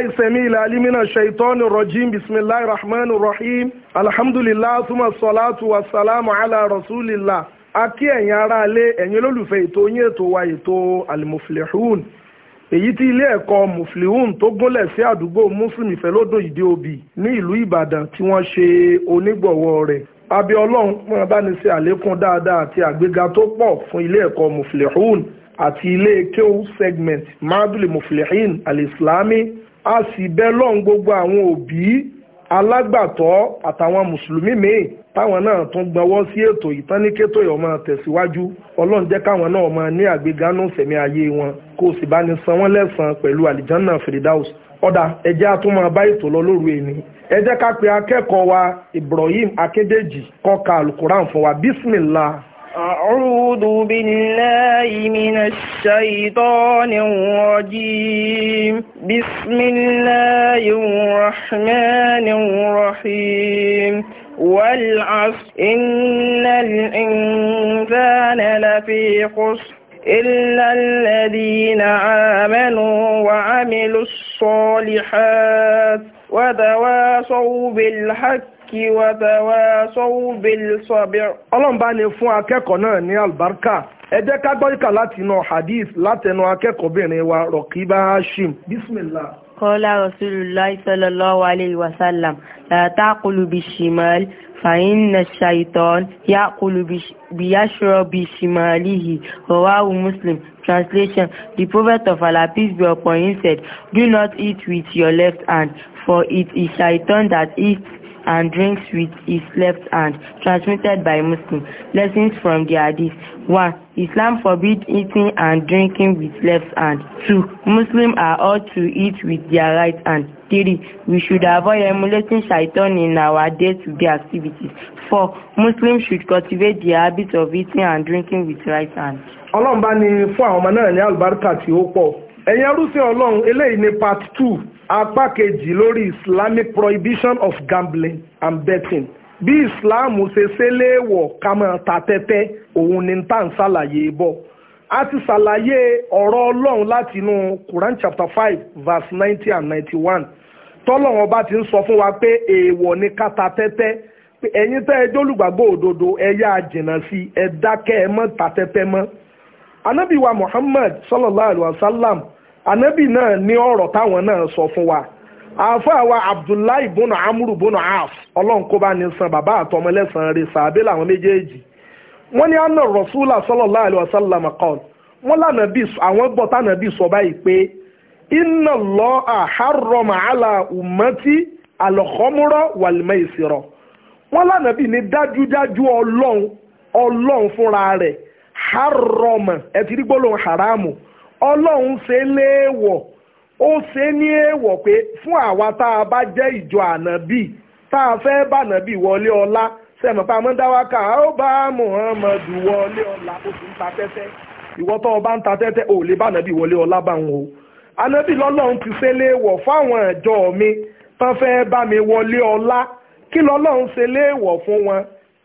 بالله سميع العليم من الشيطان الرجيم بسم الله الرحمن الرحيم الحمد لله ثم الصلاة والسلام على رسول الله akí ẹ̀yin aráalé ẹ̀yin olólùfẹ́ ètò yín ètò wa ètò almuflihun èyí tí ilé ẹ̀kọ́ muflihun tó gúnlẹ̀ sí àdúgbò muslim ìfẹ́lódún ìdí òbí ní ìlú ìbàdàn tí wọ́n ṣe onígbọ̀wọ́ rẹ̀ abẹ́ ọlọ́run pọ́n bá ní ṣe àlékún dáadáa àti àgbéga tó pọ̀ fún ilé ẹ̀kọ́ muflihun àti ilé kéwú segment madul muflihin alislami a sì bẹ lọ́n gbogbo àwọn òbí alágbàtọ́ àtàwọn mùsùlùmí míì táwọn náà tún gbọ́wọ́ sí ètò ìtánikétò ìyọ̀mọ tẹ̀síwájú ọlọ́run jẹ́ káwọn náà máa ní àgbégánú sẹ̀mí ayé wọn kó o sì bá ní san wọ́n lẹ́sàn-án pẹ̀lú àlìjánná firidaus ọ̀dà ẹ̀jẹ̀ àtúmọ̀ bá ètò lọ lóru èmi ẹ ká pe akẹ́kọ̀ọ́ wa Ibrahim Akédèjì kó alukuran fún wa bismillah. أعوذ بالله من الشيطان الرجيم بسم الله الرحمن الرحيم والعصر إن الإنسان لفي خسر إلا الذين آمنوا وعملوا الصالحات وتواصوا بالحق haqqi wa tawasaw bil sabr. ọlọ́run bá ní fún akẹ́kọ̀ọ́ náà ní àlùbáríkà ẹ jẹ́ ká gbọ́díkà láti inú hadith látẹnu akẹ́kọ̀ọ́bìnrin wa Rọ̀kíbá Hashim bismillah. kọ́lá rasulullah sallallahu alayhi wa sallam la taqulu bishimal fàyínà ṣàìtàn yá kulubiyaṣọ́ bí ṣìmàlìhì rọwáwù muslim translation the prophet of allah peace be upon him said do not eat with your left hand for it is ṣàìtàn that eats and drinks with his left hand transmitted by Muslim lessons from the hadith one Islam forbids eating and drinking with left hand two Muslims are ought to eat with their right hand three we should avoid emulating shaitan in our day to -day activities four Muslims should cultivate the habit of eating and drinking with right hand. Ọlọ́run bá ní fún àwọn ọmọ náà ní àlùbáríkà tí ó pọ̀ ẹ̀yin arúsìn ọlọ́run eléyìí ni part two apá kejì lórí islamic prohibition of gambling and betting bí Islam ṣe ṣe léèwọ̀ ká máa ta tẹ́tẹ́ òun ni tá à ń ṣàlàyé bọ̀ a ti ṣàlàyé ọ̀rọ̀ ọlọ́run láti inú quran chapter five verse ninety and ninety one tọ́lọ́run ọba ti ń sọ fún wa pé èèwọ̀ ni ká ta tẹ́tẹ́ ẹ̀yin tẹ́ ẹ jólùgbàgbọ́ òdodo ẹ yáa jìnnà sí ẹ dákẹ́ ẹ má ta tẹ́tẹ́ mọ́ anábìwa muhammad sallallahu alaihi wa sallam ànábì náà ní ọ̀rọ̀ táwọn náà sọ fún wa àáfàá wa abdullahi bono amuru bono af ọlọ́run kó bá ní san bàbá àtọmọ lẹ́sàn-án rẹ̀ sàbẹ́ làwọn méjèèjì wọ́n ní anna rasula sallallahu alayhi wa sallam qal wọ́n lànàbí àwọn gbọ́ tànàbí sọ báyìí pé inna Allaha harrama ala ummati al-khamra wal-maisira wọ́n lànàbí ní dájúdájú ọlọ́run ọlọ́run fúnra rẹ̀ harrama ẹ̀ ọlọ́run ṣe léèwọ̀ ó ṣe ní èèwọ̀ pé fún àwa tá a bá jẹ́ ìjọ ànábì tá a fẹ́ bànábì wọlé ọlá sẹ́mi pa mọ́ dáwákà ó bá Muhammadu wọlé ọlá ó sì ń ta tẹ́tẹ́ ìwọ tó o bá ń ta tẹ́tẹ́ ò lè bànábì wọlé ọlá báwọn o ànábì lọ́lọ́run ti ṣe léèwọ̀ fáwọn ìjọ mi tán fẹ́ bá mi wọlé ọlá kí lọ́lọ́run ṣe léèwọ̀ fún wọn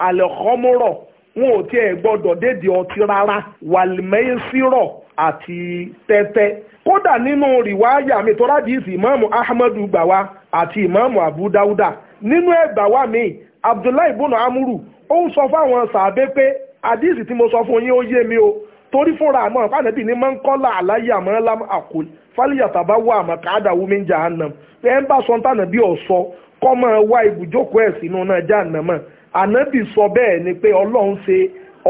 àlẹ́kọ́múrọ̀ wọn ò tiẹ̀ gbọ́dọ̀ dédìí ọtí rárá wàlìmẹ́yìn sírọ̀ àti tẹ́tẹ́ kódà nínú rìwáyà mi tọ́lá di ìsì ìmáàmù ahmadu gbàwá àti ìmáàmù abu dáúdà nínú ẹgbàwá mi abdullahi bono amuru ó ń sọ fáwọn sàábé pé àdìsí tí mo sọ fún yín ó yé mi o torí fúnra àmọ́ àpàdébì ní máa ń kọ́lá àláyé àmọ́ lam àkùn fálíyàtà bá wà àmọ́ káàdà wúmi jahannam pé ẹ ń bá sọ́ńtànà bí ọ̀sọ́ kọ́ máa wá ibùjókòó ẹ̀ sínú náà jahannam ànábì sọ bẹ́ẹ̀ ni pé ọlọ́run ṣe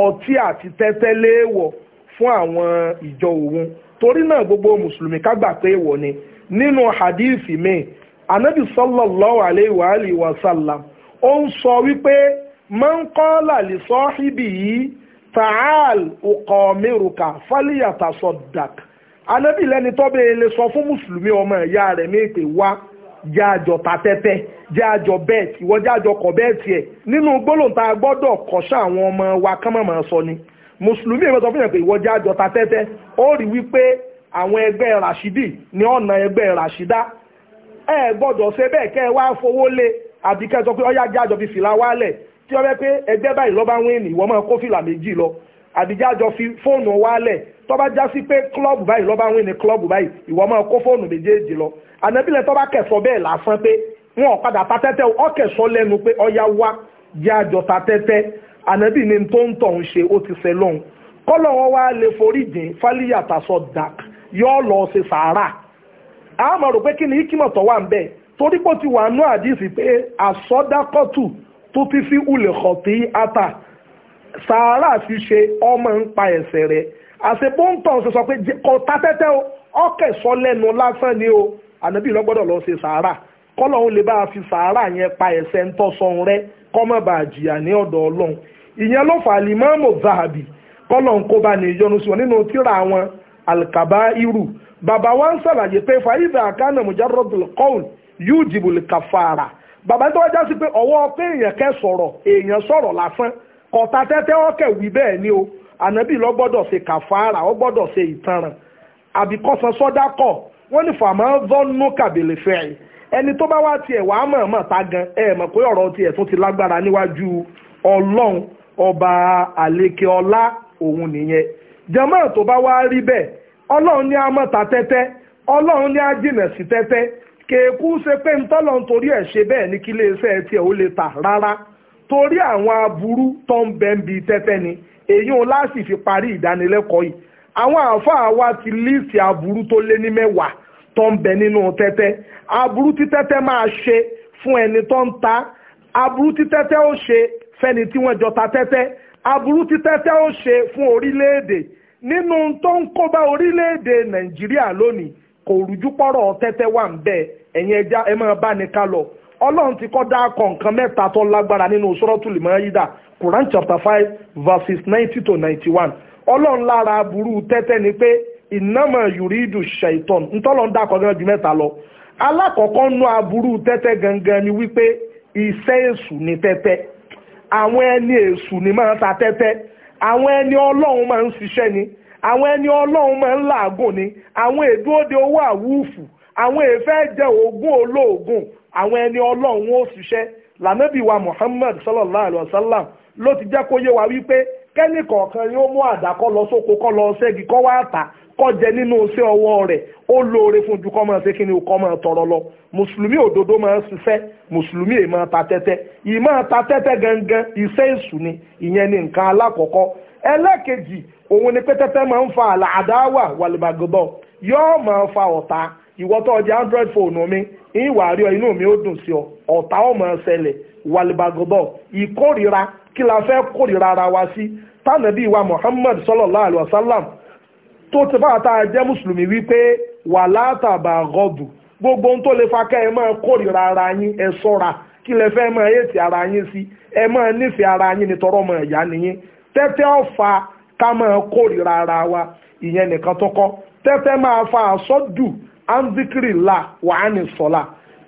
ọtí àti tẹ́tẹ́ léèwọ̀ fún àwọn ìjọ òun torí náà gbogbo mùsùlùmí ká gbà pé èèwọ̀ ni nínú hadith mi anabi sallallahu alayhi wa alihi wa sallam ó ń sọ wípé man qala li sahibihi ta'al uqamiruka falyatasaddaq anabi lẹ́ni tọ́bẹ̀ lè sọ fún mùsùlùmí ọmọ ìyá rẹ̀ mí pé wá jẹ́ àjọ ta tẹ́tẹ́ jẹ́ àjọ bẹ́ẹ̀tì ìwọ jẹ́ àjọ kọ̀ bẹ́ẹ̀tì ẹ̀ nínú gbólóǹta gbọ́dọ̀ kọ́ṣà àwọn ọmọ wa kánmọ̀mọ̀ sọ ni mùsùlùmí ìwé sọ fún yàn pé ìwọ jẹ́ àjọta tẹ́tẹ́ ó rí wípé àwọn ẹgbẹ́ rashidi ní ọ̀nà ẹgbẹ́ rashida ẹ gbọ́dọ̀ ṣe bẹ́ẹ̀ kẹ́ ẹ wá fowó lé àbí kẹ́ ẹ sọ pé ọyá jẹ́ àjọ fi fìlà wálẹ̀ tí ọ bẹ́ pé ẹgbẹ́ báyìí lọ́ba wíìnì ìwọ máa kó fìlà méjì lọ àbí jẹ́ àjọ fi fóònù wálẹ̀ tọ́ba já sí pé klọ́ọ̀bù báyìí lọ́ba wíìnì klọ́ọ̀bù báyìí ìwọ máa kó fóònù méjèèjì lọ ànábìlẹ̀ tọ́ba kẹsọ bẹ́ẹ̀ lásán pé wọn ò padà ta tẹ́tẹ́ ọkẹ̀sọ lẹ́nu pé ọyá wá jẹ́ àjọ ta ànábì ni tó ń tọ̀ ń ṣe ó ti sẹ lọ́hùn kọ́lọ̀ wọn wá lè forí jìn fálíyà tàṣọ dàk yóò lọ ṣe sàárà a máa rò pé kí ni ikimọ̀ tó wà ń bẹ̀ torí pé ó ti wà nú àdìsí pé àsọdákọ́tù tó ti fi ulẹ̀ kọ̀tì ata sàárà fi ṣe ọmọ ń pa ẹ̀ṣẹ̀ rẹ̀ àṣepọ́ntàn ṣe sọ pé kò ta tẹ́tẹ́ o ọkẹ̀ sọ lẹ́nu lásán ni o ànábì ló gbọ́dọ̀ lọ ṣe sàárà kọ́lọ̀ òun lè bá a fi sàárà yẹn pa ẹ̀ṣẹ̀ ń tọ́sọ̀n rẹ̀ kọ́mọ̀bà àjìyà ní ọ̀dọ̀ ọlọ́run ìyẹn ló fà alimami zahabi kọ́lọ̀ ń kó bá ní ìyọnu sí wọn nínú tíra àwọn alkaba iru bàbá wa ń sàlàyé pé fàyídà àkànnà mujarradul qawl yujibu kàfàrà bàbá tó wájá sí pé ọwọ́ pé èèyàn kẹ́ sọ̀rọ̀ èèyàn sọ̀rọ̀ lásán kọ̀tà tẹ́tẹ́ ọ̀kẹ́ wí bẹ́ẹ̀ ni o ànábì lọ gbọ́dọ̀ ṣe kàfàrà ó gbọ́dọ̀ ṣe ìtanràn àbíkọ́sán sọ́dá kọ̀ wọ́n ní fàmọ́ zọ́nù kàbèlè fẹ́ ẹ̀ ẹni tó bá wá tiẹ̀ wàá mọ̀ ta gan ẹ̀ mọ̀ pé ọ̀rọ̀ tiẹ̀ tún ti lágbára níwájú ọlọ́run ọba àlékè ọlá òun nìyẹn jàmá tó bá wá rí bẹ́ẹ̀ ọlọ́run ní amọ́ta tẹ́tẹ́ ọlọ́run ní ajínà sí tẹ́tẹ́ kèékú ṣe pé ntọ́lọ̀ nítorí ẹ̀ ṣe bẹ́ẹ̀ ní kí iléeṣẹ́ tiẹ̀ ó lè tà rárá torí àwọn aburú tó ń bẹ ń bi tẹ́tẹ́ ni èyí ò láti fi parí ìdánilẹ́kọ̀ọ́ yìí àwọn àáfàá wa ti líìsì aburú tó lé ní mẹ́wàá tó ń bẹ nínú tẹ́tẹ́ aburú tí tẹ́tẹ́ máa ṣe fún ẹni tó ń ta aburú tí tẹ́tẹ́ ó ṣe fẹ́ni tí wọ́n jọta ta tẹ́tẹ́ aburú tí tẹ́tẹ́ ó ṣe fún orílẹ̀-èdè nínú tó ń kó orílẹ̀-èdè nàìjíríà lónìí kò rújú pọ́rọ̀ tẹ́tẹ́ wà ń bẹ́ẹ̀ ẹ̀yin ẹja ẹ máa bá ní ká lọ ọlọ́run ti kọ́ dá akọ̀ nǹkan mẹ́ta tó lágbára nínú Quran chapter five verses ninety to ninety one ọlọ́run lára aburú lọ alákọ̀ọ́kọ́ nú aburú tẹ́tẹ́ gangan ni wípé èṣù ni tẹ́tẹ́ àwọn ẹni èṣù ni máa ń ta tẹ́tẹ́ àwọn ẹni ọlọ́run máa ń ṣiṣẹ́ ni àwọn ẹni ọlọ́run máa ń làágùn ni àwọn èdúóde owó àwùfù àwọn èèfẹ́ jẹ ògùn olóògùn àwọn ẹni ọlọ́run ó ṣiṣẹ́ lànàbí wa Muhammad sallallahu alayhi wa sallam ló ti jẹ́ kó yé wa wípé kẹ́nìkọ̀ọ̀kan yóò mú àdá kó lọ sóko kó lọ ṣẹ́gi kó wá tà kọjẹ nínú iṣẹ́ ọwọ́ rẹ̀ ó lóore fún jukọ kọ́mọ ṣe kíni kọ́mọ tọrọ lọ mùsùlùmí òdodo máa ń ṣiṣẹ́ mùsùlùmí ta tẹ́tẹ́ ìì ta tẹ́tẹ́ gangan iṣẹ́ èṣù ni ìyẹn ni nǹkan alákọ̀ọ́kọ́ ẹlẹ́kejì òun ni pé máa ń fa àdáwà wàlúbàgbọ́ máa fa ọ̀tá ìwọ tó ọjà android mi ìwà mi ó dùn sí ọ ọ̀tá ó máa ṣẹlẹ̀ wàlúbàgbọ́ kí la ara wa sí tánàbí wa Muhammad sallallahu tó ti bá àtà jẹ́ mùsùlùmí wípé wà látàbà gọ́dù gbogbo ohun tó lè fa ká ẹ máa kórìíra ara yín ẹ sọ́ra kí lẹ fẹ́ máa yéètì ara yín sí ẹ máa nífẹ̀ẹ́ ara yín nítorọ́ ọmọ ìyá nìyín tẹ́tẹ́ ọ̀fà ká máa kórìíra ara wa ìyẹn nìkan tó kọ́ tẹ́tẹ́ máa fa àsọ́dù anzikiri la wàhánì sọ́la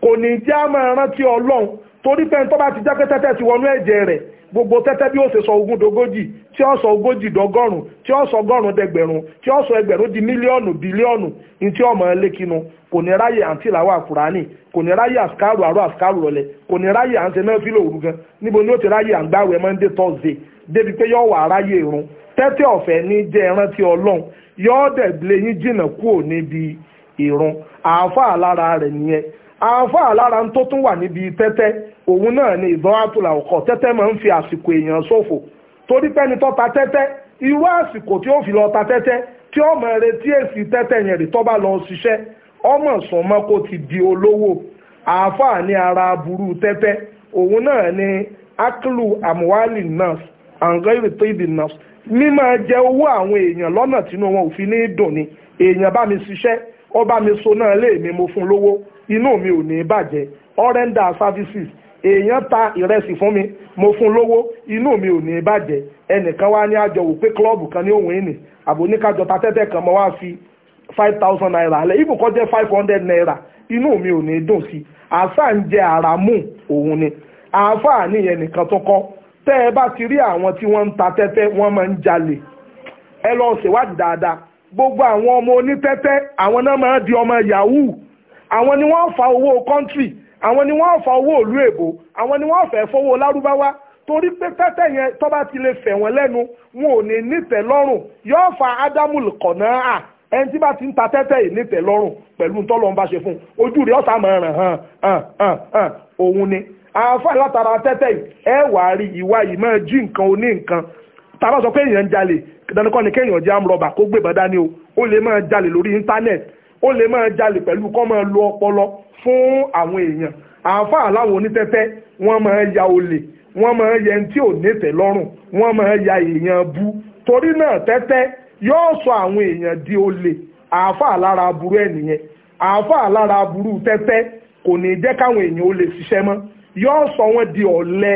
kò ní jẹ́ àmọ́ rántí ọlọ́run torí pé ń tọ́ bá ti jẹ́ pé tẹ́tẹ́ ti wọnú ẹ̀jẹ̀ rẹ̀ gbogbo tẹ́tẹ́ bí ó ṣe sọ ogún dogójì tí ó sọ ogójì dọgọ́rùn tí ó sọ ọgọ́rùn dẹgbẹ̀rún tí ó sọ ẹgbẹ̀rún di mílíọ̀nù bílíọ̀nù ní tí ọmọ ẹlẹ́kinu kò ní ráyè àǹtí làwọn àkùránì kò ní ráyè àṣkárù àrò àṣkárù rọlẹ̀ kò ní ráyè àǹtí náà fílò òru gan níbo ni ó ti ráyè àǹgbáwẹ̀ monday thursday débi pé yóò wà ráyè irun tẹ́tẹ́ ọ̀fẹ́ ní jẹ́ ìrántí ọlọ́run yóò dẹ̀ lè yín jìnnà kúò níbi ìrun àáfàá lára rẹ̀ nìyẹn àáfàá lára tó tún wà níbi tẹ́tẹ́ òun náà ni ìdán àtúlà ọkọ̀ tẹ́tẹ́ máa ń fi àsìkò èèyàn ṣòfò torí pẹ́ni tó ta tẹ́tẹ́ irú àsìkò tí ó fi lọ ta tẹ́tẹ́ tí ó mọ̀ retí èsì tẹ́tẹ́ yẹn rí tó bá lọ ṣiṣẹ́ ọmọ sọmọ kó ti di olówó àáfàá ní ara burú tẹ́tẹ́ òun náà ni aklu amuwali nas angeri tidi nas mímọ jẹ owó àwọn èèyàn lọ́nà tínú wọn ò fi ní dùn ni èèyàn bá mi ṣiṣẹ́ ó bá mi so náà lé mi mo fún lówó inú mi ò ní bàjẹ́ services èèyàn ta ìrẹsì fún mi mo fún lówó inú mi ò ní bàjẹ́ ẹnìkan wá ní àjọ wò pé kan ní òun ìní àbò ta kan mo wá fi five thousand naira alẹ́ five hundred mi ò ní dùn sí ń jẹ òun ni nìyẹn nìkan tó tẹ ẹ bá ti rí àwọn tí wọn ń ta máa ń jalè gbogbo àwọn ọmọ àwọn náà di ọmọ yahoo àwọn ni wọ́n fa owó kọ́ńtì àwọn ni wọ́n fa owó ìlú èbó àwọn ni wọ́n fẹ́ fọwọ́ lárúbáwá torí pé tẹ́tẹ́ yẹn tó bá ti lè fẹ̀ wọ́n lẹ́nu wọn ò ní nítẹ̀ lọ́rùn yóò fa ádámù kọ̀nà à ẹni tí bá ti ń ta tẹ́tẹ́ yìí nítẹ̀ lọ́rùn pẹ̀lú tọ́lọ́ ń bá ṣe fún ojú rẹ̀ ọ̀sà máa ràn hàn hàn hàn hàn òun ni àáfà látara tẹ́tẹ́ yìí ẹ wà á rí ìwà yìí máa jí nǹkan oní nǹkan tàbá sọ pé èèyàn ń jalè dandan kéèyàn jẹ́ àmúrọ̀bà kó gbé bàdá ni o ó lè máa jalè lórí íńtánẹ́ẹ̀tì ó lè máa jalè pẹ̀lú kọ́ máa lo ọpọlọ fún àwọn èèyàn àáfàá láwọn onítẹ́tẹ́ wọ́n máa ya olè wọ́n máa yẹ ẹni tí ò nítẹ̀ lọ́rùn wọ́n máa ya èèyàn bu torí náà tẹ́tẹ́ yóò sọ àwọn èèyàn di olè àáfàá lára aburú ẹ̀ nìyẹn àáfàá lára aburú tẹ́tẹ́ kò ní jẹ́ káwọn èèyàn ó lè ṣiṣẹ́ mọ́ yóò sọ wọn di ọ̀lẹ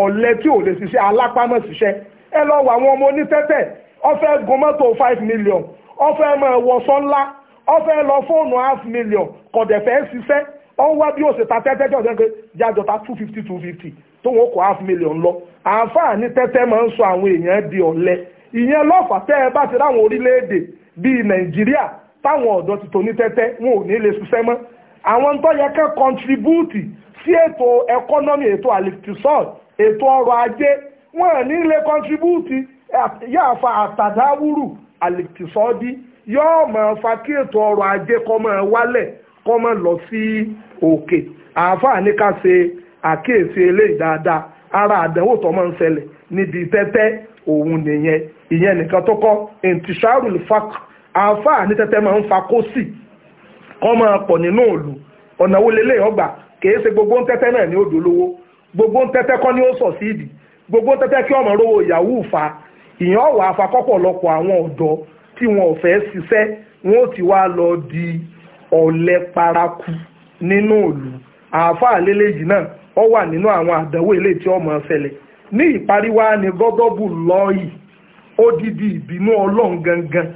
ọ̀lẹ tí ò lè ṣiṣẹ́ alápámọ́ ṣiṣẹ́ ẹ lọ wọ àwọn ọmọ onítẹ́tẹ́ ó fẹ́ gun mọ́tò five million ó fẹ́ máa wọṣọ ńlá ọ fẹ́ lọ fóònù half million kọ̀dẹ̀ fẹ́ ṣiṣẹ́ ọ ń wá bí òṣè ta tẹ́tẹ́ jọ̀ọ́ jẹ́ pé jájọ́ ta two fifty two fifty tó wọn kó half million lọ àǹfààní tẹ́tẹ́ máa ń sọ àwọn èèyàn di ọ̀lẹ ìyẹn lọ́fà tẹ́ ẹ bá ti ráwọn orílẹ̀-èdè bíi nàìjíríà táwọn ọ̀dọ́ ti tò ní tẹ́tẹ́ wọn ò ní lè ṣiṣẹ́ mọ́ àwọn tó yẹ kẹ́ kọ́ntribúùtì sí ètò ẹkọ́nọ́mì ètò àlìtìsọ́ọ̀ ètò ọrọ̀ ajé wọn ò ní lè kọ́ntribúùtì yáàfa àtàdáwúrù àlìtìsọ́ọ́dí yóò máa fa kí ètò ọrọ̀ ajé kó máa wálẹ̀ kó máa lọ sí òkè àáfàá ní ká ṣe àkíyèsí eléyìí dáadáa ara àdánwò tó máa ń ṣẹlẹ̀ níbi tẹ́tẹ́ òun nìyẹn ìyẹn nìkan tó kọ́ fak àáfàá ní tẹ́tẹ́ máa ń fa kó sì máa gbogbo tẹ́tẹ́ náà gbogbo tẹ́tẹ́ kọ́ ni ó gbogbo tẹ́tẹ́ ọmọ rówó yahoo fa ìyẹn ọ̀wà afakọ́pọ̀lọpọ̀ àwọn ọ̀dọ́ tí wọn ò fẹ́ ṣiṣẹ́ wọn ò ti wá lọ di ọ̀lẹ paraku nínú ìlú àáfàá lélẹ́yìí náà ó wà nínú àwọn àdánwò eléyìí tí ọmọ ṣẹlẹ̀ ní ìparí wá ni gọ́dọ́bù lọ́ọ̀yì odidi ìbínú ọlọ́run gangan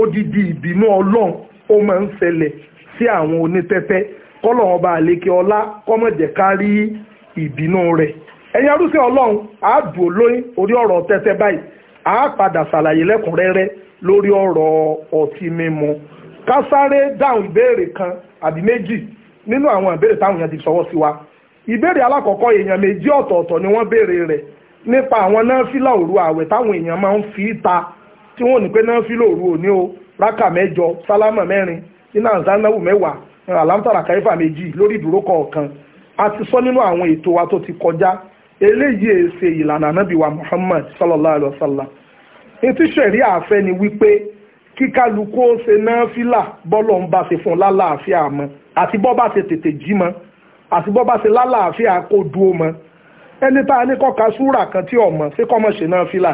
odidi ìbínú ọlọ́run ó máa ń ṣẹlẹ̀ sí àwọn onítẹ́tẹ́ kọ́lọ̀ ọba àlékè ọlá kọ́mọ̀jẹ̀ kárí ìbínú rẹ̀ ẹ̀yin arúgbó ọlọ́run àádùn olóyún orí ọ̀rọ̀ tẹ́tẹ́ báyìí àá padà ṣàlàyé lẹ́kùnrẹ́rẹ́ lórí ọ̀rọ̀ ọtí mímu ká sáré dáhùn ìbéèrè kan àbí méjì nínú àwọn ìbéèrè táwọn èèyàn ti sọwọ́ sí wa ìbéèrè alákọ̀ọ́kọ́ méjì ọ̀tọ̀ọ̀tọ̀ ni wọ́n béèrè rẹ̀ nípa àwọn náfìlà òru àwẹ̀ táwọn èèyàn máa ń fi ta tí wọ́n ní pé òru òní o rákà mẹ́jọ a ti sọ nínú àwọn ètò wa tó ti kọjá eléyìí èsè ìlànà anábìwà Muhammad sallallahu alayhi wa sallam etí ṣẹ̀rí àfẹ́ ni wípé kíkálukú ó ṣe náà fílà bọ́lọ̀ ń bá ṣe fún lálàáfíà mọ́ àti bọ́ bá ṣe tètè jí mọ́ àti bọ́ bá ṣe lálàáfíà kó dúó mọ́ ẹni tá a ní kọ́ka súrà kan tí ọmọ ṣé kọ́ mọ̀ ṣe náà fílà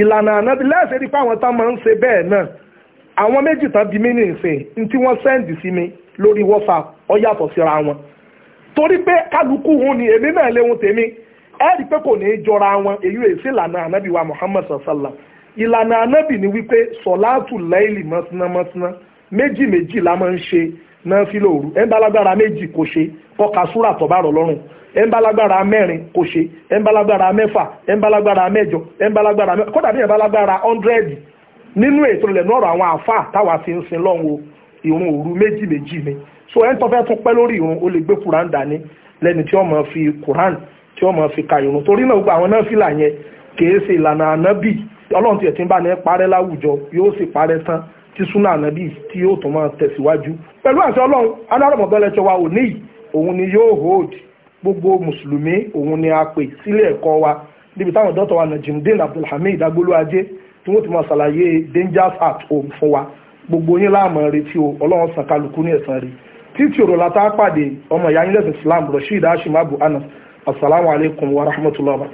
ìlànà máa ń ṣe bẹ́ẹ̀ náà àwọn méjì tán bí mí nìsín ní tí WhatsApp ọ yàtọ̀ síra wọn torí ni ìlànà anábì ni wípé sọ̀láàtù láìlì mọ́sínámọ́síná méjì méjì la máa ń ṣe náà fi lóòrù ẹnbálágbára méjì kò ṣe kọkà súrà tó bá rọ̀ lọ́rùn ẹnbálágbára mẹ́rin kò ṣe ẹnbálágbára mẹ́fà ẹnbálágbára mẹ́jọ ẹnbálágbára mẹ́fà kódà bí ẹnbálágbára ọ̀ndrẹ́dì nínú ètò ilẹ̀ náà àwọn àfà táwa fi ń sin lọ́hùn o ìrun òru méjì méjì ni so ẹni tó fẹ́ tún pẹ́ lórí ìrun ó lè gbé Kùrán dání lẹ́ni tí ó máa fi Kùrán tí ó fi ka ìrun torí náà gbogbo àwọn náà fìlà yẹn kì í ìlànà ànábì ọlọ́run tiẹ̀ ti ń bá ní parẹ́ láwùjọ yóò sì parẹ́ tán tí súnà ànábì tí yóò tún máa tẹ̀síwájú pẹ̀lú àṣẹ ọlọ́run alárọ̀mọ̀bẹ́lẹ́tọ̀ wa ò ní yìí òun ni yóò hold gbogbo mùsùlùmí òun ni a pè sílé ẹ̀kọ́ wa níbi táwọn dọ́tọ̀ wa Najimudeen Abdulhamid agbolo ajé tí wọ́n ti máa ṣàlàyé dangers at home fún wa gbogbo yín láàmú retí o ọlọ́run san kálukú ní ẹ̀san rí títí òrò látà pàdé ọmọ ìyá Anas asalaamualeykum wa rahmatulahi